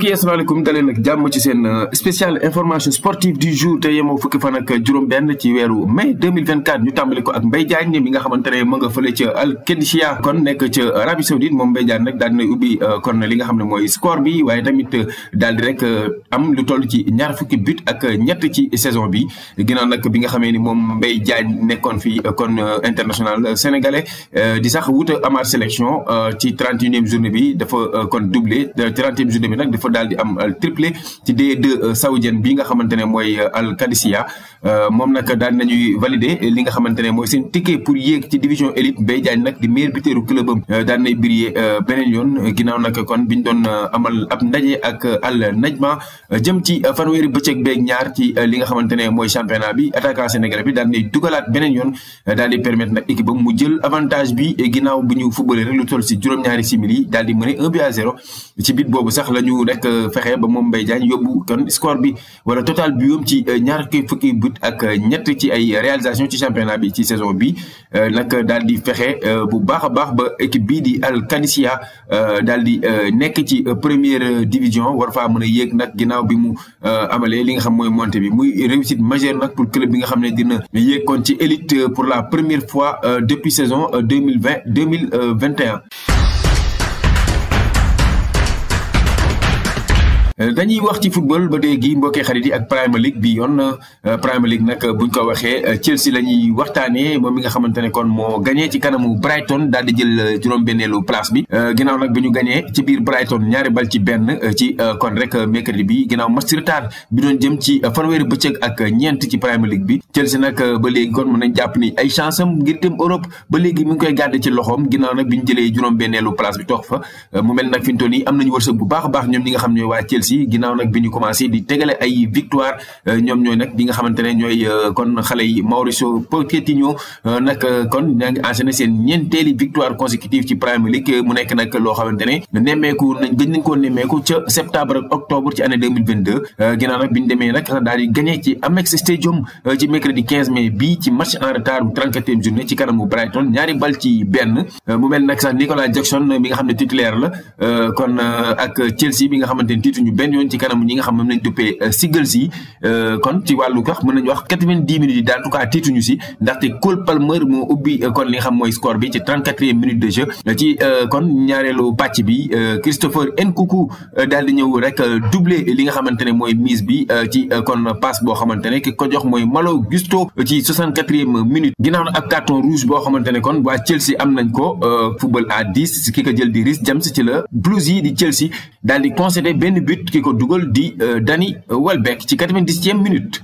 mbokk yi asalaamaaleykum daleen nag jàmm ci seen euh, spécial information sportive du jour te yemoo fukki fan ak juróom-benn ci weeru mai 2024 ñu tàmbali ko ak Mbaye Diagne mi nga xamante ne mu nga fële ca Al Qadisiyah kon nekk ca Arabie Saoudite moom Mbaye Diagne nag daal dina ubbi euh, kon li nga xam ne mooy score bi waaye tamit euh, daal di rek am lu toll ci ñaar fukki but ak ñett ci saison bi ginnaaw nag bi nga xamee ni moom Mbaye Diagne nekkoon fi kon international sénégalais di sax wut amaat sélection ci 31e journée bi dafa kon doublé 30e journée bi nag dafa daal di am euh, triplé ci D2 euh, saoudienne bi nga xamante ne mooy euh, Al Qadisiya moom nag daal nañuy validé li nga xamante ne mooy seen ticket pour yéeg ci division élite Mbaye Diagne nag di meilleur buteuru club am daal nay briller beneen yoon ginnaaw nag kon biñ doon amal ab ndaje ak Al Najma jëm ci fanweeri bëccëg beeg ñaar ci li nga xamante ne mooy championnat bi attaquant sénégalais bi daal nay dugalaat beneen yoon daal di permettre nag équipe mu jël avantage bi ginnaaw bu ñu footballé rek lu toll si juróom-ñaari simili daal di mëne 1 bi à ci bit boobu sax la ñu rek ak euh, fexé ba moom Mbaye Diagne kon score bi wala total bi yom ci euh, ñaar fukki but ak euh, ñett ci ay réalisation ci championnat bi ci saison bi nak dal di fexé bu baax baax ba équipe bi di Al Qadisiya daal di nekk ci première division war faa mën a yéeg nag bi mu amalé li nga xam moy montée bi muy réussite majeure nak pour club bi nga xam dina yéeg kon ci élite pour la première fois depuis saison 2020 2021 Euh, dañuy wax ci football ba tey gi mbokkee xarit yi ak Premier League bi yoon euh, Premier League nag buñ ko waxee euh, Chelsea la ñuy waxtaanee moom mi nga xamante ne kon moo gañee ci kanamu Brighton daal di jël juróom-benneelu place bi ginnaaw nag bi ñu gañee ci biir Brighton ñaari bal ci benn ci kon rek mercredi bi ginnaaw match retard bi doon jëm ci fanweeri ci Premier League bi Chelsea nag ba léegi kon mën nañ bi ñu jëlee juróom-benneelu place bi toog fa mu mel nag fi mu toll nii am nañu wërsëg bu baax a baax ñoom ñi nga xam ne waa Chelsea aussi ginnaaw nag bi ñu commencé di tegale ay victoire euh, ñoom ñooy nag bi xamante ne ñooy euh, kon xale yi Mauricio Pochettino euh, nag kon ñaa ngi enchaîné seen ñeenteeli victoire consécutive ci Premier League mu nekk nag loo xamante ne nemmeeku nañ gëj nañ koo nemmeeku ca septembre octobre ci année deux nag bi ñu demee nag daal di ci Amex Stadium ci mercredi quinze mai ci match en retard bu trente journée ci kanamu Brighton ñaari bal ci benn mu mel nag sax Nicolas benn yoon ci kanam ñi nga xam moom lañ duppee euh, Seagulls yi euh, kon ci wàllu gox mën nañu wax quatre-vingt-dix minutes daal en tout tiituñu si ndaxte Cole Palmer moo ubbi euh, kon li nga xam mooy score bi ci trente-quatrième minute de jeu ci kon ñaareelu pàcc bi Christopher Nkunku daal di ñëw rek doublé li nga xamante ne mooy mise bi ci kon passe boo xamante ne ki ko jox mooy Malo Gusto ci soixante-quatrième minute ginnaaw na ak carton rouge boo xamante ne kon waa Chelsea am nañ ko football à dix ki ko jël di Reece James ci la Blues yi di Chelsea ki ko dugal di euh, Dani Welbeck ci quatre-vingt-dixième minute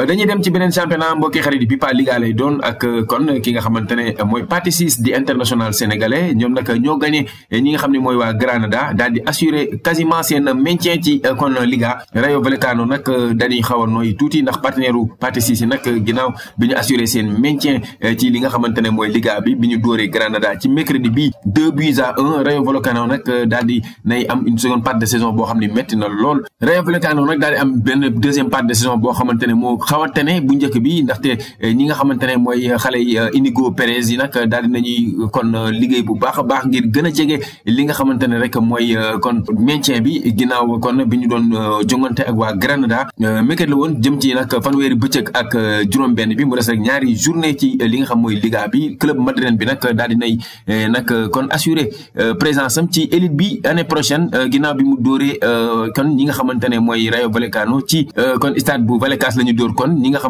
Euh, dañuy dem ci beneen championnat mbokki xarit bi pa liga lay doon ak euh, kon ki nga xamante ne mooy Pathé Ciss di international sénégalais ñoom nag ñoo gagné ñi nga xam ne mooy waa Granada daal di assuré quasiment seen maintien ci euh, kon liga Rayo Vallecano nag dañuy xaw a nooy tuuti ndax partenaire u Pathé Ciss yi bi ñu assuré seen maintien ci li nga xamante ne mooy liga bi bi ñu dóoree Granada ci bi deux buts à un Rayo Vallecano nag daal di nay am une seconde boo xam ne métti lool Rayo Vallecano nag daal di am benn deuxième part saison boo xamante ne moo xaw a bu njëkk bi ndaxte eh, ñi nga xamante ne mooy xale yi eh, Inigo Pérez yi nag daal di nañuy eh, kon liggéey bu baax a baax ngir gën a jege li nga xamante ne rek mooy kon maintien bi ginnaaw kon bi ñu doon jongante ak waa Granada mekkat la woon jëm ci nag fanweeri bëccëg ak juróom-benn bi mu des rek ñaari journée ci li nga xam mooy Liga bi club madrilène bi nag daal di nay nag kon assurer présence am ci élite bi année prochaine ginnaaw bi mu dóoree kon ñi nga xamante ne mooy Rayo Vallecano ci kon stade bu Vallecas lañu ñu kon ñi nga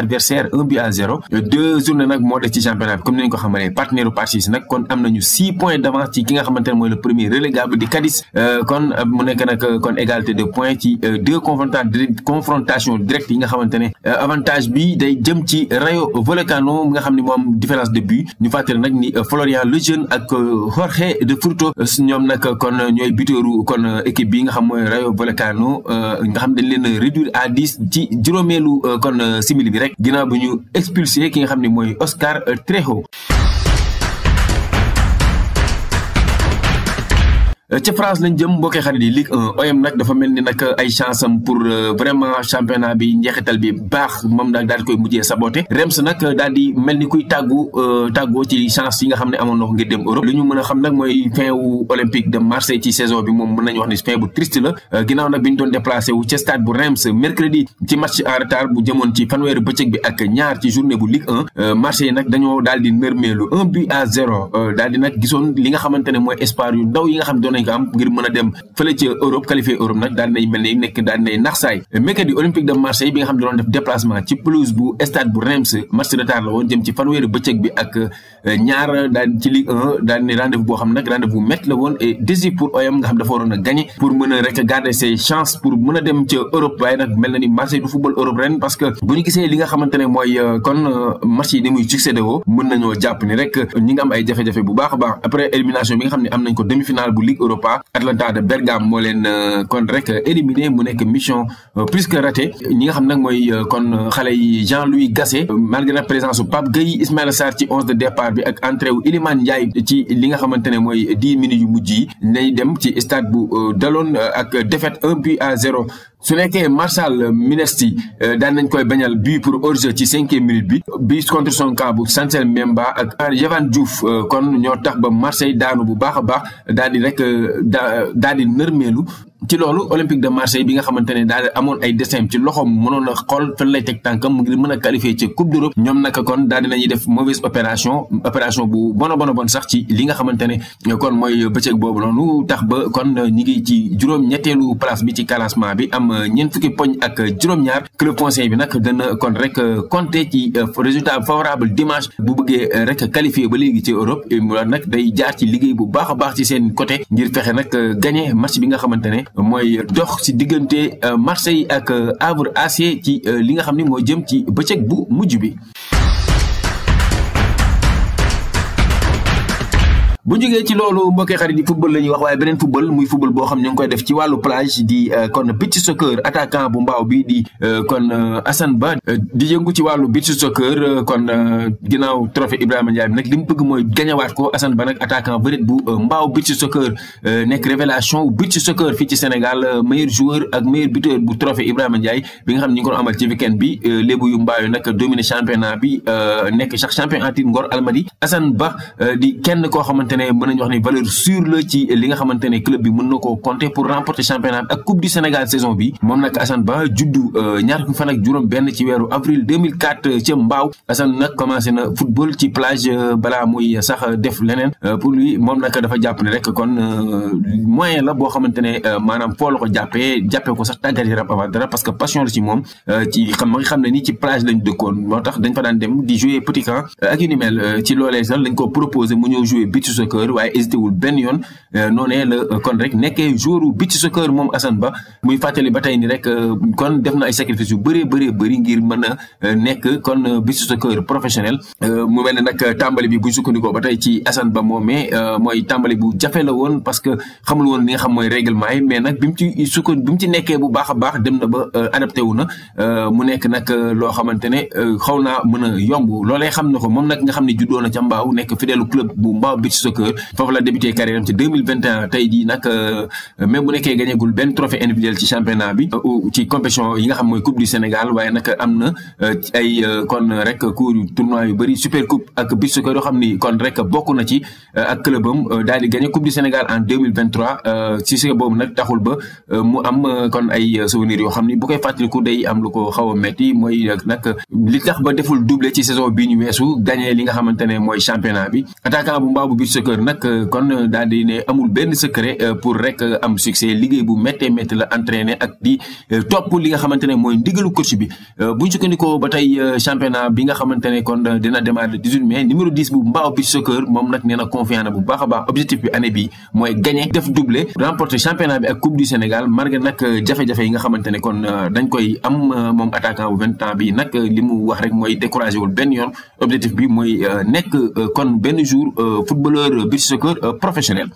adversaire un but à zéro deux journées nak mo ci championnat comme ko partenaire kon six points d'avance ci ki nga le premier relégable de euh, kon euh, mu euh, égalité de points deux confrontations directes yi nga avantage bi day jëm ci Rayo Vallecano nga différence de but ñu ni Florian Lejeune ak Jorge de Fruto ñom nak kon équipe bi nga Rayo Vallecano nga xam dañ leen réduire à 10 juróomeelu euh, kon euh, simili bi rek ginnaaw bu ñu expulsé ki nga xam ne mooy Oscar euh, Trejo Euh, ca France lañ jëm mbokk xarit yi Ligue 1 OM nag dafa mel ni nag ay chance am pour euh, vraiment championnat bi njeexital bi baax moom nag da di koy mujjee ni kuy tàggu euh, tàggoo ci chance yi nga xam ne amoon na ko ngir dem Europe li ñu mën a xam nag ci saison bi bi ñu doon déplacé wu ca stade bu Reims mercredi ci match ci fanweeri bëccëg bi ak ñaar ci journée bu Ligue 1 Marseille nag zéro daal di nag gisoon li nga xamante ne mooy espoir ndaw yi nga xam nañ ko am ngir mën a dem fële ci Europe qualifié Europe nag daal dinañ mel ni nekk daal dinañ nax saay mercredi Olympique de Marseille bi nga xam ne def mooy euh, kon euh, match muy succédé mën nañoo jàpp ni rek ñi ay jafe-jafe bu baax baax après élimination bi nga xam ne am nañ ko demi-finale bu Ligue Europa Atalanta de Bergame moo leen euh, kon rek euh, éliminé mu nekk mission euh, plus que raté ñi nga xam nag mooy kon xale yi Jean-Louis Gassé malgré la présence su Pape Gueye Ismaël Sarr ci 11 de départ bi ak entrée wu Iliman Ndiaye ci li nga xamante ne mooy minutes yu mujj yi nay dem ci stade bu daloon ak défaite 1 but à 0 su nekkee Marshal euh, Minesti euh, daan nañ koy bañal bi pour hors ci cinquième minute bi bii contre son camp bu Chancel Mbemba ak Yehvan Diouf euh, kon ñoo tax ba Marseille daanu bu baax a baax daal di rek daal di nërmeelu ci loolu olympique de marseille bi nga xamante ne daal amoon ay dessin ci loxoom mënoon a xool fan lay teg tànkam ngir mën a qualifier ci coupe d'Europe ñoom kon daal dinañuy def mauvaise opération opération bu bono bono bon sax ci li nga xamante ne kon mooy bëccëg boobu noonu tax ba kon ñi ngi ci juróom ñetteelu place bi ci classement bi am ñeent fukki poñ ak juróom-ñaar club conseil bi nag dana kon rek compter ci euh, résultat favorable dimanche bu bëggee rek qualifier ba léegi ci Europe nag day jaar ci liggéey bu baax a baax ci seen côté ngir fexe nag gagner match bi nga xamante ne mooy dox si diggante euh, Marseille ak euh, Havre AC ci euh, li nga xam ni moo jëm ci bëccëg bu mujj bi. bu jógee ci loolu mbokki xarit yi football la ñuy wax waaye beneen football muy football boo xam ñu ngi koy def ci wàllu plage di euh, kon beach soccer attaquant bu mbaaw bi euh, euh, Ba di yëngu ci wàllu beach soccer kon ginnaaw trophée Ibrahima Ndiaye nag li mu bëgg mooy gañawaat ko Assane Ba nag attaquant bëreet bu mbaaw beach soccer nekk révélation beach soccer fii ci Sénégal meilleur joueur ak meilleur buteur bu trophée Ibrahima Ndiaye bi nga xam ne ñu ngi ko amal ci bi lébu yu mbaaw yi nag championnat bi nekk chaque champion en titre Ngor Almadi Assane Ba di kenn koo xamante xamante ne mën nañu wax ne valeur sûre la ci li nga xamantene club bi mën na compter pour remporter championnat ak coupe du Sénégal saison bi moom nag Assane Ba judd euh, ñaar fan ak juróom benn ci weeru avril 2004 ca Mbaaw Assane nag commencé na football ci plage euh, balaa muy sax def leneen euh, pour lui moom nag dafa jàpp ne rek kon moyen la boo xamantene manam maanaam foo ko jàppee jàppee ko sax tàggat yaram avant dara parce que passion la ci moom ci xam nga xam ne ni ci plage lañ dëkkoon moo tax dañ fa daan dem di jouer petit camp ak yu ni mel ci loolee sax lañ ko proposé mu ñëw jouer beach soccer waaye hésité wul benn yoon euh, noonee la euh, kon rek nekkee jouru beach soccer moom Assane Ba muy fàttali ba tey ni rek euh, kon def na ay sacrifice yu bëree bëree bëri ngir mën a nekk kon beach soccer professionnel mu mel ne nag tàmbali bi bu sukkandikoo ba tey ci Assane Ba moomee mooy bu jafe la woon parce que xamul woon li nga xam mooy règlement yi mais nag bi mu ci ci nekkee bu baax a baax dem na ba adapté wu na mu nekk nag loo xamante ne xaw naa mën a yomb loolee xam na ko moom nag nga xam ne juddoo na ca Mbaaw nekk fidèle club bu Mbaaw que foofu la débuté carrière en ci 2021 tay di nak même bu gagné gañegul ben trophée individuel ci championnat bi euh, ci compétition yi nga xam moy coupe du Sénégal waye nak amna euh, ay euh, kon rek cour tournoi yu bari super coupe ak bis ko yoo xam ni kon rek bokku na ci ak clubum daal di gagné coupe du Sénégal en 2023 si ce bobu nak taxul ba mu am kon ay souvenir yo xam ni bu koy fàttaliku day am lu ko xaw metti moy nak li tax ba deful doublé ci saison bi ñu wessu gagné li nga xamantene moy championnat bi attaquant bu mbaabu bis jëkkër nag euh, kon daal di ne amul benn secret euh, pour rek euh, am succès liggéey ak di topp li nga xamante ne mooy ndigalu coach bi buñ sukkandikoo ba tey championnat bi nga xamante ne kon dina démarrer le 18 mai numéro 10 bu Mbao Beach Soccer moom nag nee na confiant bu baax a baax objectif bi année bi mooy gagné def doublé remporter championnat bi ak coupe du Sénégal marga nag jafe-jafe yi nga xamante ne kon dañ koy am moom attaquant bu vingt ans bi nag li mu wax rek mooy découragé wul benn yoon objectif bi mooy nekk kon benn jour footballeur beach soccer euh, professionnel.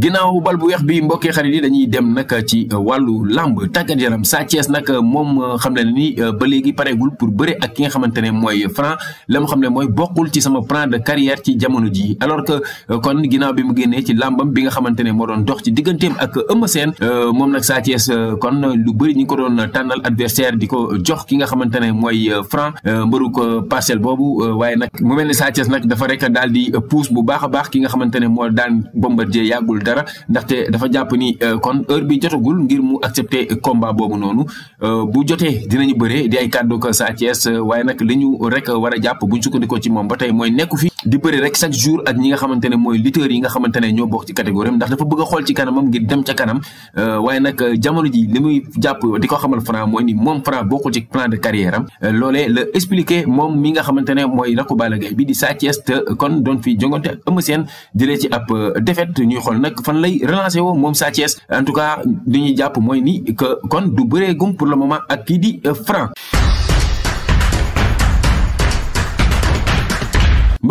ginnaaw bal bu weex bi mbokki xarit yi dañuy dem nag ci euh, wàllu làmb tàggat yaram Sa Thiès nag euh, moom euh, xam ne ni ba léegi pareegul pour bëre ak ki nga xamante ne mooy Franc la mu xam ne mooy bokkul ci sama plan de carrière ci jamono ji alors que kon ginnaaw bi mu génnee ci làmbam bi nga xamante ne moo doon dox ci digganteem ak Eumeu Sène moom nag Sa Thiès kon lu bëri ñi ngi ko doon tànnal adversaire di ko jox ki nga xamante ne mooy Franc mbëru ko parcelle boobu waaye nag mu mel ne Sa Thiès nag dafa rek daal di pousse bu baax a baax ki nga xamante ne moo daan Bombardier yàggul dara ndaxte dafa jàpp ni euh, kon heure bi jotagul ngir mu accepter combat boobu noonu euh, bu jotee dinañu bëree di ay kàddu ko Sa Thiès waaye nag li ñu rek war a jàpp buñ sukkandikoo ci moom ba tey mooy nekku fi di bëri rek chaque jour ak ñi nga xamantene mooy liteur yi nga xamantene ñoo bokk ci catégorie ndax dafa bëgg a xool ci kanamam ngir dem ca kanam euh, waaye nag euh, jamono ji li muy jàpp di ko xamal fran mooy ni moom fran bokkul ci plan de carrière am euh, loolee le expliquer moom mi nga xamantene mooy raku balagay bi di sa ties te kon doon fi jongante ëmma seen dire ci ab defaite ñuy xool nag fan lay relancer woo moom sa ties en tout cas li ñuy jàpp mooy ni que kon du bëree gum pour le moment ak kii di fran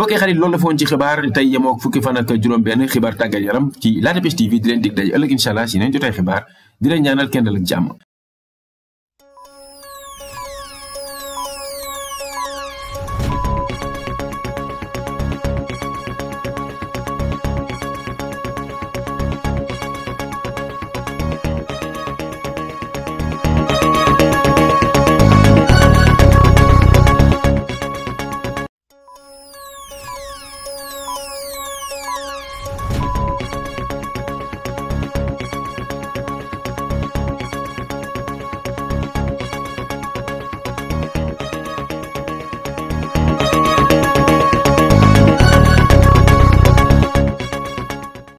mbokki xarit loolu la foon ci xibaar tey yemoo fukki fan ak juróom-benn xibaar tàggat yaram ci La Dépêche TV di leen dig daje ëllëg incha allah si neen jotay xibaar di leen ñaanal kenn dal ak